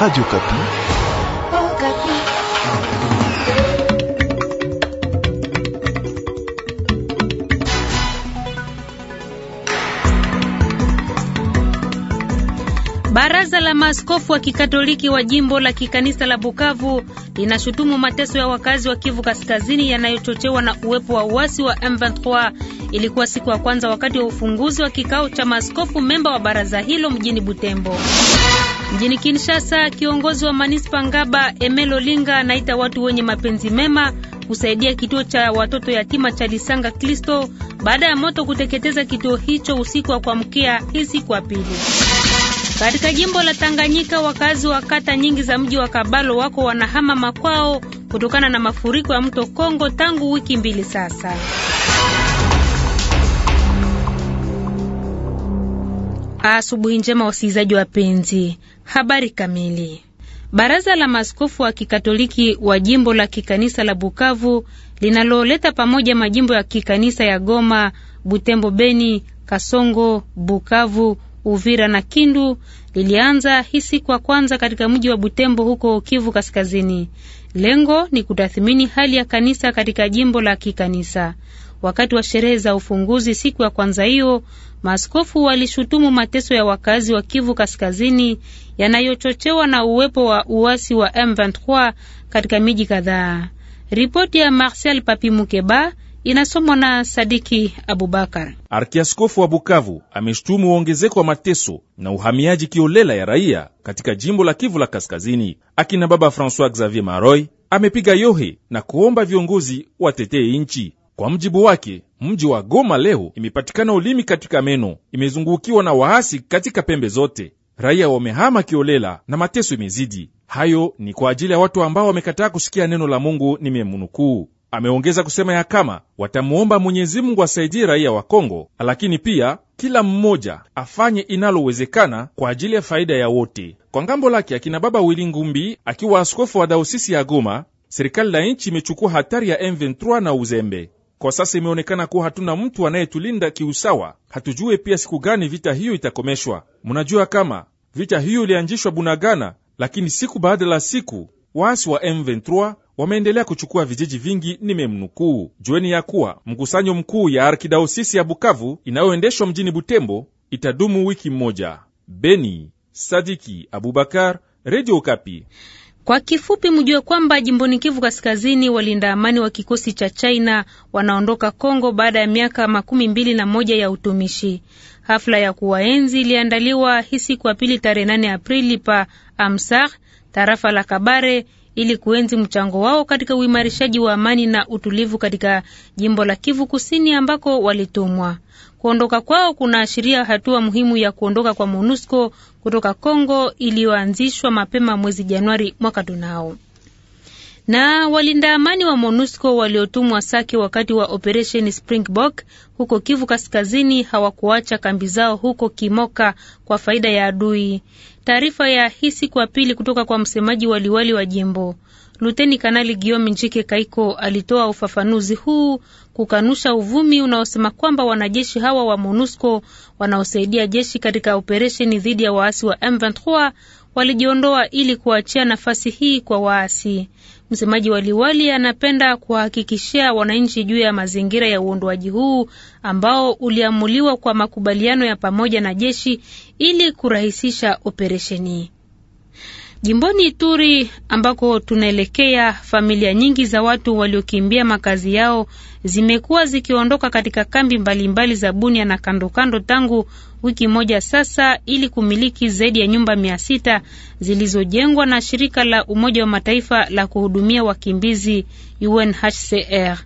Radio Okapi. Baraza la maaskofu wa Kikatoliki wa Jimbo la Kikanisa la Bukavu linashutumu mateso ya wakazi wa Kivu Kaskazini yanayochochewa na uwepo wa uasi wa M23. Ilikuwa siku ya kwanza wakati wa ufunguzi wa kikao cha maaskofu memba wa baraza hilo mjini Butembo. Mjini Kinshasa, kiongozi wa manispa Ngaba Emelo Linga anaita watu wenye mapenzi mema kusaidia kituo cha watoto yatima cha Lisanga Kristo baada ya moto kuteketeza kituo hicho usiku wa kuamkia hii siku ya pili. Katika jimbo la Tanganyika, wakazi wa kata nyingi za mji wa Kabalo wako wanahama makwao kutokana na mafuriko ya mto Kongo tangu wiki mbili sasa. Asubuhi njema wasikilizaji wapenzi. Habari kamili. Baraza la maaskofu wa Kikatoliki wa jimbo la kikanisa la Bukavu linaloleta pamoja majimbo ya kikanisa ya Goma, Butembo, Beni, Kasongo, Bukavu, Uvira na Kindu lilianza hii siku ya kwanza katika mji wa Butembo huko Kivu Kaskazini. Lengo ni kutathmini hali ya kanisa katika jimbo la kikanisa. Wakati wa sherehe za ufunguzi siku ya kwanza hiyo, maaskofu walishutumu mateso ya wakazi wa Kivu Kaskazini yanayochochewa na uwepo wa uasi wa M23 katika miji kadhaa. Ripoti ya Marcel Papi Mukeba inasomwa na Sadiki Abubakar. Arkiaskofu wa Bukavu ameshutumu uongezeko wa mateso na uhamiaji kiolela ya raia katika jimbo la Kivu la Kaskazini. Akina Baba Francois Xavier Maroy amepiga yohe na kuomba viongozi watetee nchi. Kwa mjibu wake, mji wa Goma leo imepatikana ulimi katika meno, imezungukiwa na waasi katika pembe zote, raia wamehama kiolela na mateso imezidi. Hayo ni kwa ajili ya watu ambao wamekataa kusikia neno la Mungu, nimemnukuu. Ameongeza kusema ya kama watamwomba Mwenyezi Mungu asaidie raia wa Kongo, lakini pia kila mmoja afanye inalowezekana kwa ajili ya faida ya wote. Kwa ngambo lake, akina Baba Wili Ngumbi akiwa askofu wa daosisi ya Goma, serikali la nchi imechukua hatari ya M23 na uzembe. Kwa sasa imeonekana kuwa hatuna mtu anayetulinda kiusawa. Hatujue pia siku gani vita hiyo itakomeshwa. Mnajua kama vita hiyo ilianjishwa Bunagana, lakini siku baada la siku waasi wa M23 wameendelea kuchukua vijiji vingi. Nimemnukuu. Jueni ya kuwa mkusanyo mkuu ya arkidaosisi ya Bukavu inayoendeshwa mjini Butembo itadumu wiki mmoja Beni, Sadiki Abubakar, redio Kapi. Kwa kifupi, mjue kwamba jimboni Kivu Kaskazini, walinda amani wa kikosi cha China wanaondoka Kongo baada ya miaka makumi mbili na moja ya utumishi. Hafla ya kuwaenzi iliandaliwa hii siku ya pili tarehe nane Aprili pa Amsar, tarafa la Kabare, ili kuenzi mchango wao katika uimarishaji wa amani na utulivu katika jimbo la Kivu Kusini ambako walitumwa. Kuondoka kwao kunaashiria hatua muhimu ya kuondoka kwa MONUSCO kutoka congo iliyoanzishwa mapema mwezi Januari mwaka tunao. Na walinda amani wa MONUSCO waliotumwa Sake wakati wa operesheni Springbok huko Kivu Kaskazini hawakuacha kambi zao huko Kimoka kwa faida ya adui. Taarifa ya hii siku ya pili kutoka kwa msemaji waliwali wa jimbo. Luteni Kanali Giomi Njike Kaiko alitoa ufafanuzi huu kukanusha uvumi unaosema kwamba wanajeshi hawa wa MONUSCO wanaosaidia jeshi katika operesheni dhidi ya waasi wa M23 walijiondoa ili kuachia nafasi hii kwa waasi. Msemaji wa liwali anapenda kuwahakikishia wananchi juu ya mazingira ya uondoaji huu ambao uliamuliwa kwa makubaliano ya pamoja na jeshi ili kurahisisha operesheni. Jimboni Ituri ambako tunaelekea, familia nyingi za watu waliokimbia makazi yao zimekuwa zikiondoka katika kambi mbalimbali mbali za Bunia na kandokando tangu wiki moja sasa, ili kumiliki zaidi ya nyumba mia sita zilizojengwa na shirika la Umoja wa Mataifa la kuhudumia wakimbizi UNHCR.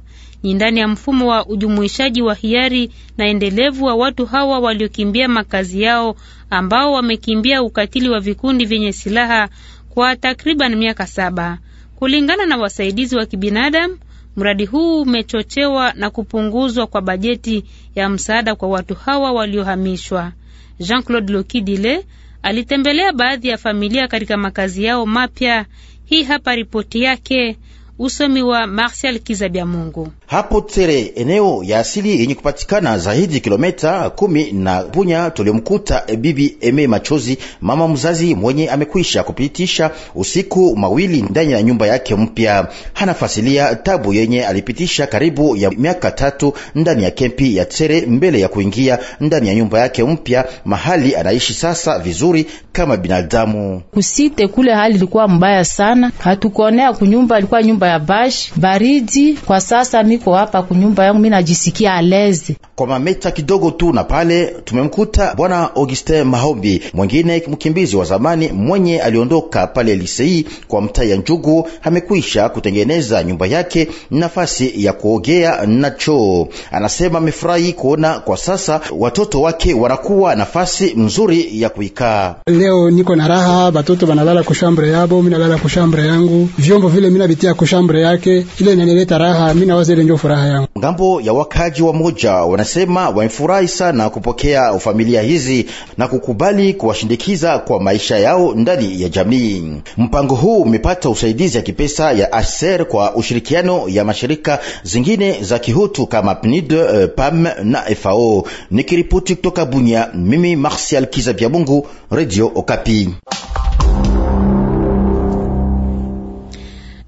Ni ndani ya mfumo wa ujumuishaji wa hiari na endelevu wa watu hawa waliokimbia makazi yao ambao wamekimbia ukatili wa vikundi vyenye silaha kwa takriban miaka saba. Kulingana na wasaidizi wa kibinadamu, mradi huu umechochewa na kupunguzwa kwa bajeti ya msaada kwa watu hawa waliohamishwa. Jean-Claude Lokidile alitembelea baadhi ya familia katika makazi yao mapya. Hii hapa ripoti yake. Usomi wa Martial Kizabia Mungu. Hapo Tere, eneo ya asili yenye kupatikana zaidi kilomita kumi na Bunya, tulimkuta bibi Eme Machozi, mama mzazi mwenye amekwisha kupitisha usiku mawili ndani ya nyumba yake mpya. Hanafasilia tabu yenye alipitisha karibu ya miaka tatu ndani ya kempi ya Tere mbele ya kuingia ndani ya nyumba yake mpya, mahali anaishi sasa vizuri kama binadamu. Kusite kule hali ilikuwa mbaya sana, hatukuonea kunyumba, ilikuwa nyumba ya bash baridi. Kwa sasa niko hapa kunyumba yangu, mimi najisikia alezi. Kwa mameta kidogo tu na pale tumemkuta bwana Augustin Mahombi, mwingine mkimbizi wa zamani mwenye aliondoka pale lisei kwa mtaa ya Njugu. Amekwisha kutengeneza nyumba yake, nafasi ya kuogea na choo. Anasema amefurahi kuona kwa sasa watoto wake wanakuwa nafasi mzuri ya kuikaa. Leo niko na raha, batoto banalala kushambre yabo, mimi nalala kushambre yangu, vyombo vile mimi nabitia chambre yake, ile inanileta raha mimi, nawaza ile ndio furaha yangu. Ngambo ya wakaji wa moja wanasema wamefurahi sana kupokea familia hizi na kukubali kuwashindikiza kwa maisha yao ndani ya jamii. Mpango huu umepata usaidizi ya kipesa ya ASER kwa ushirikiano ya mashirika zingine za kihutu kama PNID, eh, PAM na FAO. Nikiripoti kutoka bunya mimi Martial Kiza Mungu, Radio Okapi.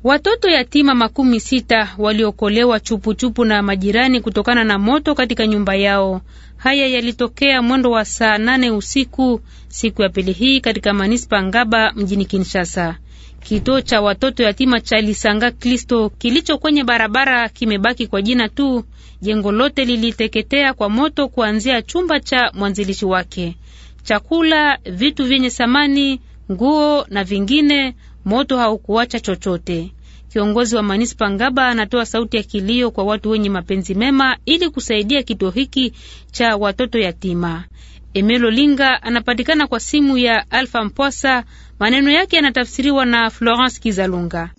Watoto yatima makumi sita waliokolewa chupuchupu na majirani kutokana na moto katika nyumba yao. Haya yalitokea mwendo wa saa nane usiku siku ya pili hii katika manispa Ngaba mjini Kinshasa. Kituo cha watoto yatima cha Lisanga Kristo kilicho kwenye barabara kimebaki kwa jina tu. Jengo lote liliteketea kwa moto kuanzia chumba cha mwanzilishi wake. Chakula, vitu vyenye samani nguo na vingine, moto haukuacha chochote. Kiongozi wa manispa Ngaba anatoa sauti ya kilio kwa watu wenye mapenzi mema ili kusaidia kituo hiki cha watoto yatima. Emelo Linga anapatikana kwa simu ya Alfa Mposa. Maneno yake yanatafsiriwa na Florence Kizalunga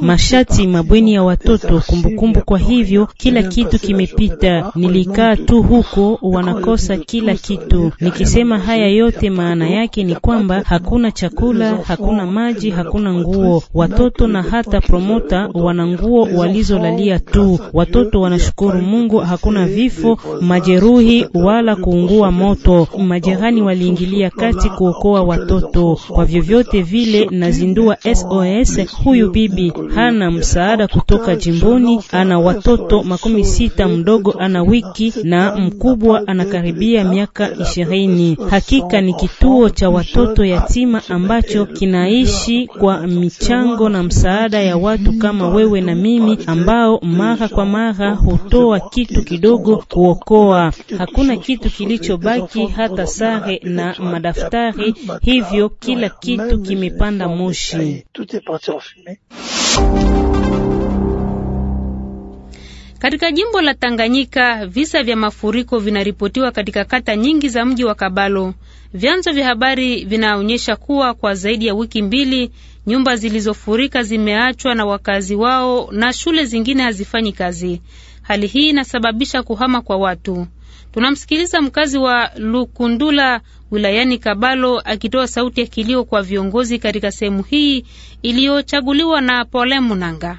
mashati, mabweni ya watoto, kumbukumbu. Kwa hivyo kila kitu kimepita, nilikaa tu huko, wanakosa kila kitu. Nikisema haya yote, maana yake ni kwamba hakuna chakula, hakuna maji, hakuna nguo. Watoto na hata promota wana nguo walizolalia tu. Watoto wanashukuru Mungu, hakuna vifo, majeruhi wala kuungua moto. Majirani waliingilia kati kuokoa watoto. Kwa vyovyote vyovyote vile nazindua SOS. Huyu bibi hana msaada kutoka jimboni, ana watoto makumi sita, mdogo ana wiki na mkubwa anakaribia miaka ishirini. Hakika ni kituo cha watoto yatima ambacho kinaishi kwa michango na msaada ya watu kama wewe na mimi ambao mara kwa mara hutoa kitu kidogo kuokoa. Hakuna kitu kilichobaki hata sare na madaftari, hivyo kila kitu kimepanda moshi. Eh. Katika jimbo la Tanganyika, visa vya mafuriko vinaripotiwa katika kata nyingi za mji wa Kabalo. Vyanzo vya habari vinaonyesha kuwa kwa zaidi ya wiki mbili nyumba zilizofurika zimeachwa na wakazi wao na shule zingine hazifanyi kazi. Hali hii inasababisha kuhama kwa watu. Tunamsikiliza mkazi wa Lukundula wilayani Kabalo akitoa sauti ya kilio kwa viongozi katika sehemu hii iliyochaguliwa na Pole Munanga.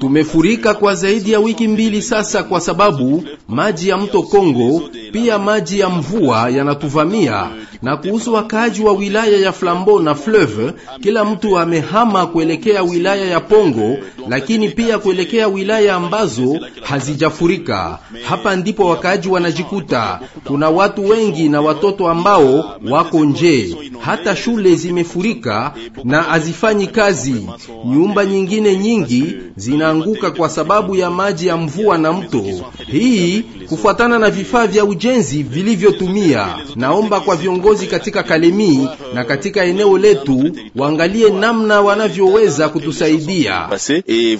Tumefurika kwa zaidi ya wiki mbili sasa, kwa sababu maji ya mto Kongo pia maji ya mvua yanatuvamia. Na kuhusu wakaaji wa wilaya ya Flambo na Fleuve, kila mtu amehama kuelekea wilaya ya Pongo, lakini pia kuelekea wilaya ambazo hazijafurika. Hapa ndipo wakaaji wanajikuta. Kuna watu wengi na watoto ambao wako nje, hata shule zimefurika na hazifanyi kazi. Nyumba nyingine nyingi zinaanguka kwa sababu ya maji ya mvua na mto. Hii kufuatana na vifaa vya ujenzi vilivyotumia. Naomba kwa viongozi katika Kalemi na katika eneo letu waangalie namna wanavyoweza kutusaidia. E,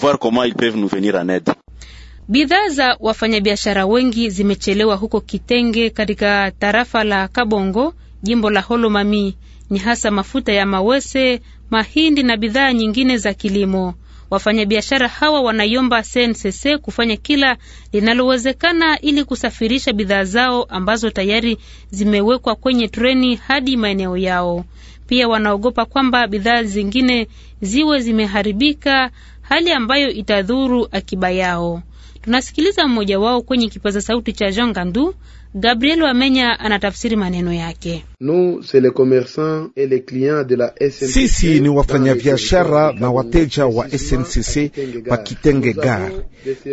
bidhaa za wafanyabiashara wengi zimechelewa huko Kitenge katika tarafa la Kabongo, jimbo la Holomami. Ni hasa mafuta ya mawese, mahindi na bidhaa nyingine za kilimo. Wafanyabiashara hawa wanaiomba CNCC kufanya kila linalowezekana ili kusafirisha bidhaa zao ambazo tayari zimewekwa kwenye treni hadi maeneo yao. Pia wanaogopa kwamba bidhaa zingine ziwe zimeharibika, hali ambayo itadhuru akiba yao. Tunasikiliza mmoja wao kwenye kipaza sauti cha Jean Gandu Gabriel Wamenya anatafsiri maneno yake. Sisi ni wafanyabiashara na wateja wa SNCC pa Kitenge Gar.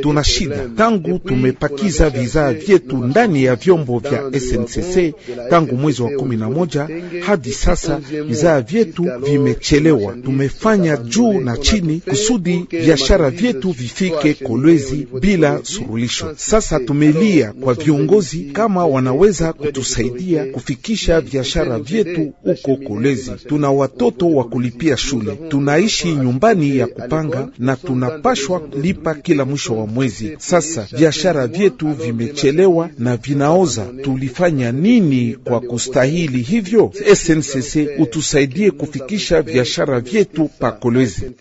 Tuna shida tangu tumepakiza vizaa vyetu ndani ya vyombo vya SNCC tangu mwezi wa kumi na moja hadi sasa, vizaa vyetu vimechelewa. Tumefanya juu na chini kusudi biashara vyetu vifike Kolwezi bila surulisho. Sasa tumelia kwa viongozi kama kama wanaweza kutusaidia kufikisha biashara vyetu huko Kolezi. Tuna watoto wa kulipia shule, tunaishi nyumbani ya kupanga na tunapashwa lipa kila mwisho wa mwezi. Sasa biashara vyetu vimechelewa na vinaoza, tulifanya nini kwa kustahili hivyo? SNCC utusaidie kufikisha biashara vyetu pa Kolwezi.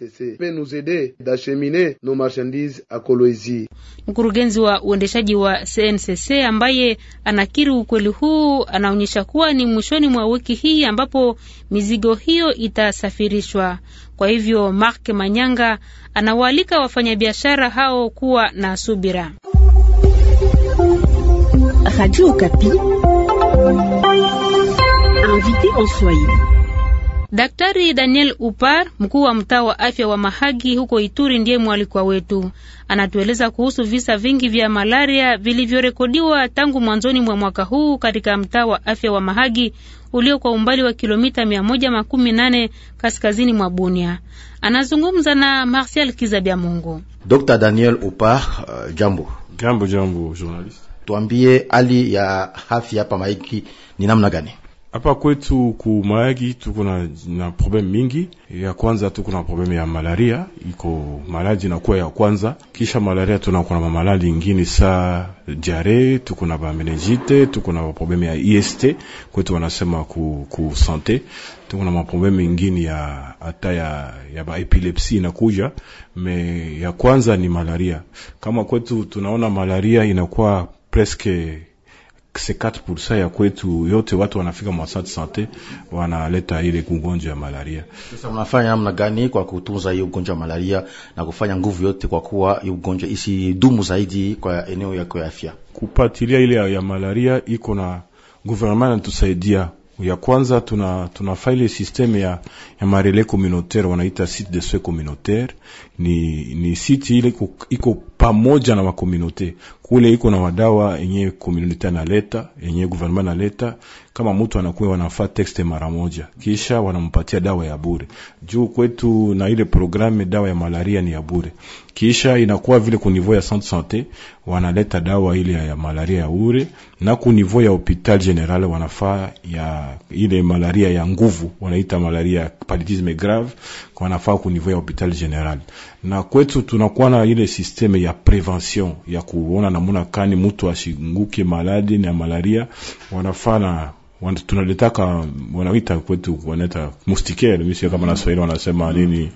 Mkurugenzi wa uendeshaji wa CNCC ambaye anakiri ukweli huu. Anaonyesha kuwa ni mwishoni mwa wiki hii ambapo mizigo hiyo itasafirishwa. Kwa hivyo, Mark Manyanga anawaalika wafanyabiashara hao kuwa na subira. Radio Okapi, en Swahili. Daktari Daniel Upar, mkuu wa mtaa wa afya wa Mahagi huko Ituri, ndiye mwalikwa wetu. Anatueleza kuhusu visa vingi vya malaria vilivyorekodiwa tangu mwanzoni mwa mwaka huu katika mtaa wa afya wa Mahagi ulio kwa umbali wa kilomita 118 kaskazini mwa Bunia. Anazungumza na Martial Mungu. Dr. Daniel Upar, uh, jambo. Jambo jambo journalist. Tuambie hali ya afya hapa Mahagi ni namna gani? Hapa kwetu ku Mayagi tuko na, na problem mingi. Ya kwanza tuko na problem ya malaria, iko na inakuwa ya kwanza, kisha malaria tunakuwa na mamalali ingine sa diare, tuko na meningite, tuko na problem ya IST kwetu wanasema ku, ku sante, tuko na problem mingine ya hata ya, ya ba epilepsi inakuja. Me ya kwanza ni malaria. Kama kwetu tunaona malaria inakuwa presque 4% ya kwetu yote watu wanafika mwasat sante wanaleta ile ugonjwa ya malaria. Sasa mnafanya namna gani kwa kutunza hiyo ugonjwa ya malaria na kufanya nguvu yote kwa kuwa hiyo ugonjwa isidumu zaidi kwa eneo yako ya afya? Kupatilia ile ya malaria iko na gouvernement inatusaidia ya kwanza tuna tuna ile systeme ya, ya marele communautaire wanaita site de soins communautaire. Ni, ni site ile iko pamoja na makomunote kule iko na wadawa yenye komunite analeta yenye guvernema analeta. Kama mtu anakuwa wanafaa texte mara moja, kisha wanampatia dawa ya bure. Juu kwetu na ile programme dawa ya malaria ni ya bure, kisha inakuwa vile ku niveau ya centre sante wanaleta dawa ile ya malaria ya bure, na ku niveau ya hopital general wanafaa ya ile malaria ya nguvu, wanaita malaria paludisme grave wanafaa niveau ya hopital general, na kwetu tunakuwa na ile systeme ya prevention ya kuona namuna kani mtu ashinguke maladi na malaria, wanafaa na tunaletaka wanaita kwetu wanaita mustikere misi kama na Swahili wanasema nini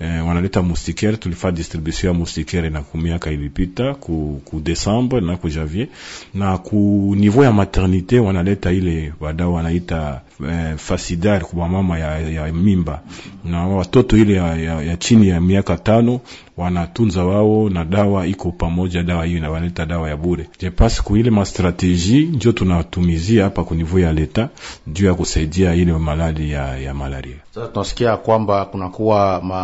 eh, wanaleta mustikere tulifaa distribution ya mustikere na kumiaka ilipita ku, ku decembre na ku janvier na ku niveau ya maternité wanaleta ile wadau wanaita eh, fasidar kwa mama ya, ya mimba na watoto ile ya, ya, ya chini ya miaka tano wanatunza wao na dawa iko pamoja dawa hiyo inawaleta dawa ya bure je pasi ku ile mastrateji ndio tunatumizia hapa ku niveau ya leta juu ya kusaidia ile malali ya, ya malaria sasa tunasikia kwamba kunakuwa ma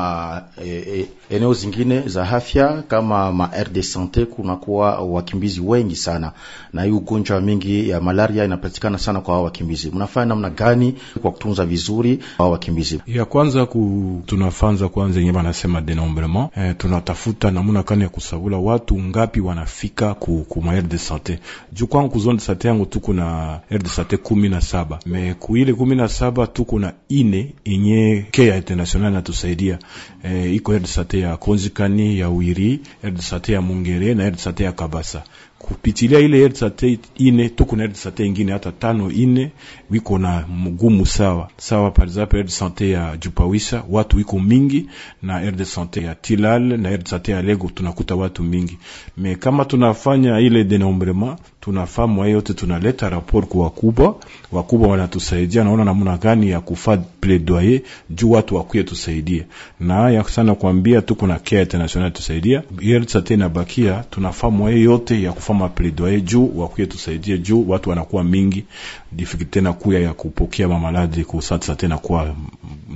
e, e, eneo zingine za afya kama ma de sante, kunakuwa wakimbizi wengi sana, na hii ugonjwa mingi ya malaria inapatikana sana kwa hao wakimbizi. Mnafanya namna gani kwa kutunza vizuri hao wakimbizi? Ya kwanza ku, tunafanza kwanza yenyewe wanasema denombrement eh, tunatafuta namna kani ya kusabula watu ngapi wanafika ku, ku ma de sante. Juu kwangu ku zone de sante yangu tuko na de sante 17 me ku ile kumi na saba tuko na ine yenye Care International natusaidia eh, iko herde sante ya Konzikani ya Wiri, herde sante ya Mungere na herde sante ya Kabasa. Kupitilia ile herde sante ine tuko na herde sante ingine hata tano ine wiko na mgumu sawa sawa. Par exemple herde sante ya Jupawisa watu wiko mingi, na herde sante ya Tilal na herde ya Lego tunakuta watu mingi, me kama tunafanya ile denombrement tunafaa mwa yote, tunaleta rapport kwa wakubwa. Wakubwa wanatusaidia, naona namna gani ya kufa plaidoyer juu watu wakuye tusaidie, na ya sana kuambia tu kuna kia international tusaidia yelsa tena bakia, tunafaa mwa yote ya kufama plaidoyer juu wakuye tusaidie juu watu wanakuwa mingi difiki tena kuya ya kupokea mamaladi kusatsa tena kwa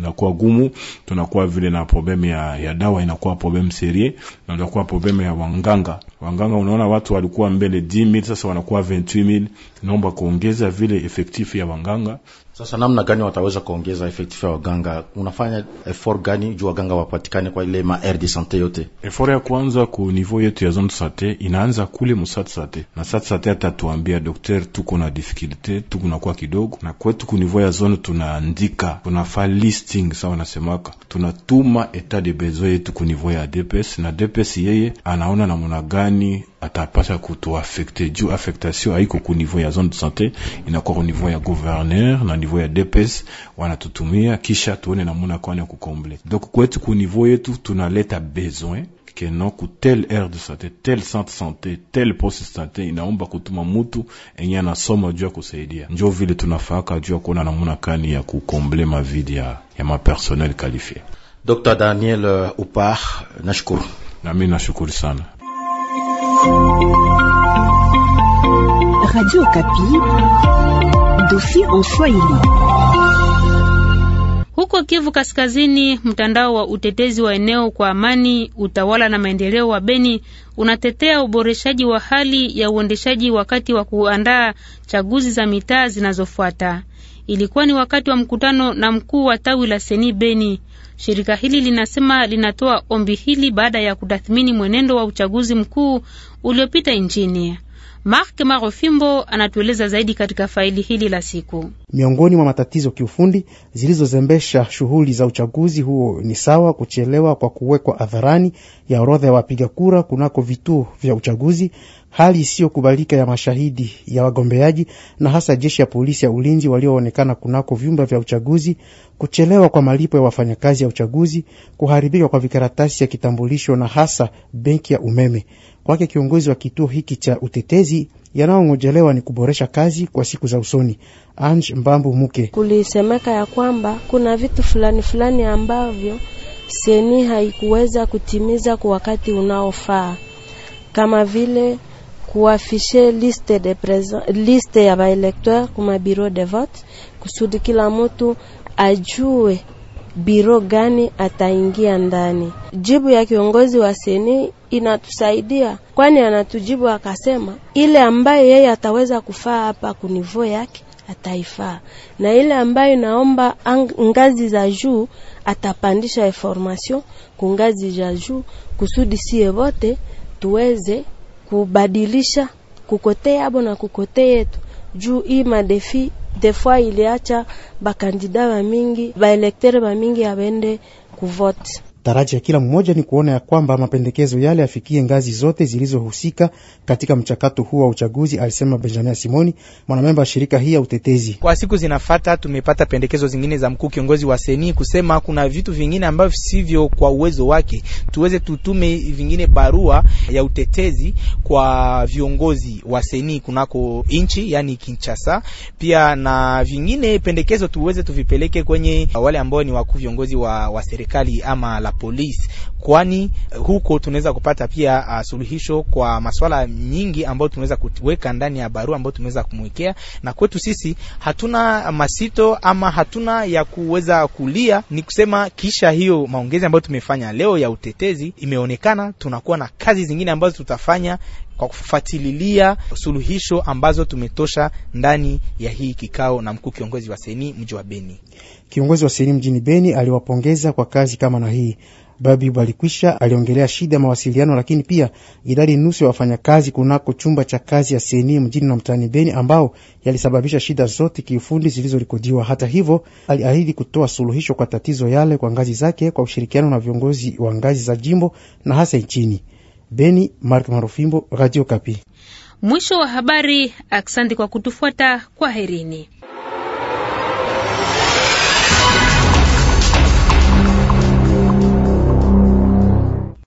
na kwa gumu, tunakuwa vile na problem ya, ya dawa inakuwa problem serie na ndio kwa problem ya wanganga wanganga. Unaona watu walikuwa mbele 10000 sasa wanakuwa 28000 naomba kuongeza vile efektifu ya waganga. Sasa namna gani wataweza kuongeza efektifu ya waganga? Unafanya effort gani juu waganga wapatikane kwa ile ma aire de sante yote? Effort ya kwanza ku niveau yetu ya zone sante inaanza kule musat sante, na sat sante atatuambia dokter, tuko na difficulty, tuko na kwa kidogo, na kwetu ku niveau ya zone tunaandika, tunafaa listing sawa, nasemaka tunatuma etat de besoin yetu ku niveau ya DPS, na DPS yeye anaona namna gani kuto kutoafekte juu affectation haiko ku niveau ya zone de santé inakuwa ku niveau ya gouverneur na niveau ya DPS wanatutumia, kisha tuone namuna kwani ya kukomble. Donc kwetu ku niveau yetu tunaleta besoin non ku tel aire de santé tel centre santé tel poste santé inaomba kutuma mutu enye anasoma juu ya kusaidia. Njo vile tunafaka juu ya kuona namuna kani ya kukomble mavidi ya, ya mapersonel qualifié. Dr Daniel euh, Upar, nashukuru. Nami nashukuru sana. Radio Kapi, dosi en Swahili. Huko Kivu Kaskazini, mtandao wa utetezi wa eneo kwa amani, utawala na maendeleo wa Beni unatetea uboreshaji wa hali ya uendeshaji wakati wa kuandaa chaguzi za mitaa zinazofuata. Ilikuwa ni wakati wa mkutano na mkuu wa tawi la Seni Beni. Shirika hili linasema linatoa ombi hili baada ya kutathmini mwenendo wa uchaguzi mkuu uliopita nchini. Mark Marofimbo anatueleza zaidi katika faili hili la siku. Miongoni mwa matatizo kiufundi zilizozembesha shughuli za uchaguzi huo ni sawa kuchelewa kwa kuwekwa hadharani ya orodha ya wapiga kura kunako vituo vya uchaguzi, hali isiyokubalika ya mashahidi ya wagombeaji na hasa jeshi ya polisi ya ulinzi walioonekana kunako vyumba vya uchaguzi, kuchelewa kwa malipo ya wafanyakazi ya uchaguzi, kuharibika kwa vikaratasi ya kitambulisho na hasa benki ya umeme kwake kiongozi wa kituo hiki cha utetezi yanayongojelewa ni kuboresha kazi kwa siku za usoni. Ange Mbambu Muke, kulisemeka ya kwamba kuna vitu fulani fulani ambavyo seni haikuweza kutimiza kwa wakati unaofaa, kama vile kuafishe liste de present, liste ya baelekteur kuma bureau de vote kusudi kila mtu ajue biro gani ataingia ndani. Jibu ya kiongozi wa seni inatusaidia, kwani anatujibu akasema, ile ambaye yeye ataweza kufaa hapa kunivo yake ataifaa, na ile ambayo inaomba ngazi za juu atapandisha information ku ngazi za juu, kusudi sie wote tuweze kubadilisha kukotea abo na kukotea yetu juu hii madefi defoi iliacha bakandida bamingi baelekter bamingi abende kuvote Taraji ya kila mmoja ni kuona ya kwamba mapendekezo yale afikie ngazi zote zilizohusika katika mchakato huu wa uchaguzi, alisema Benjamin Simoni, mwanamemba wa shirika hii ya utetezi. Kwa siku zinafata, tumepata pendekezo zingine za mkuu kiongozi wa seni kusema kuna vitu vingine ambavyo sivyo kwa uwezo wake, tuweze tutume vingine barua ya utetezi kwa viongozi wa seni kunako nchi, yani Kinshasa, pia na vingine pendekezo tuweze tuvipeleke kwenye wale ambao ni wakuu viongozi wa, wa serikali ama la polisi, kwani eh, huko tunaweza kupata pia uh, suluhisho kwa maswala nyingi ambayo tunaweza kuweka ndani ya barua ambayo tumeweza kumwekea. Na kwetu sisi hatuna masito ama hatuna ya kuweza kulia, ni kusema kisha hiyo maongezi ambayo tumefanya leo ya utetezi, imeonekana tunakuwa na kazi zingine ambazo tutafanya kwa kufuatilia suluhisho ambazo tumetosha ndani ya hii kikao na mkuu kiongozi wa seni mji wa Beni. Kiongozi wa seni mjini Beni aliwapongeza kwa kazi kama na hii. Babi Balikwisha aliongelea shida ya mawasiliano, lakini pia idadi nusu ya wafanyakazi kunako chumba cha kazi ya seni mjini na mtaani Beni, ambao yalisababisha shida zote kiufundi zilizorekodiwa. Hata hivyo, aliahidi kutoa suluhisho kwa tatizo yale kwa ngazi zake kwa ushirikiano na viongozi wa ngazi za jimbo na hasa nchini. Beni, Mark marofimbo Radio Kapi. Mwisho wa habari. Asante kwa kutufuata, kwaherini.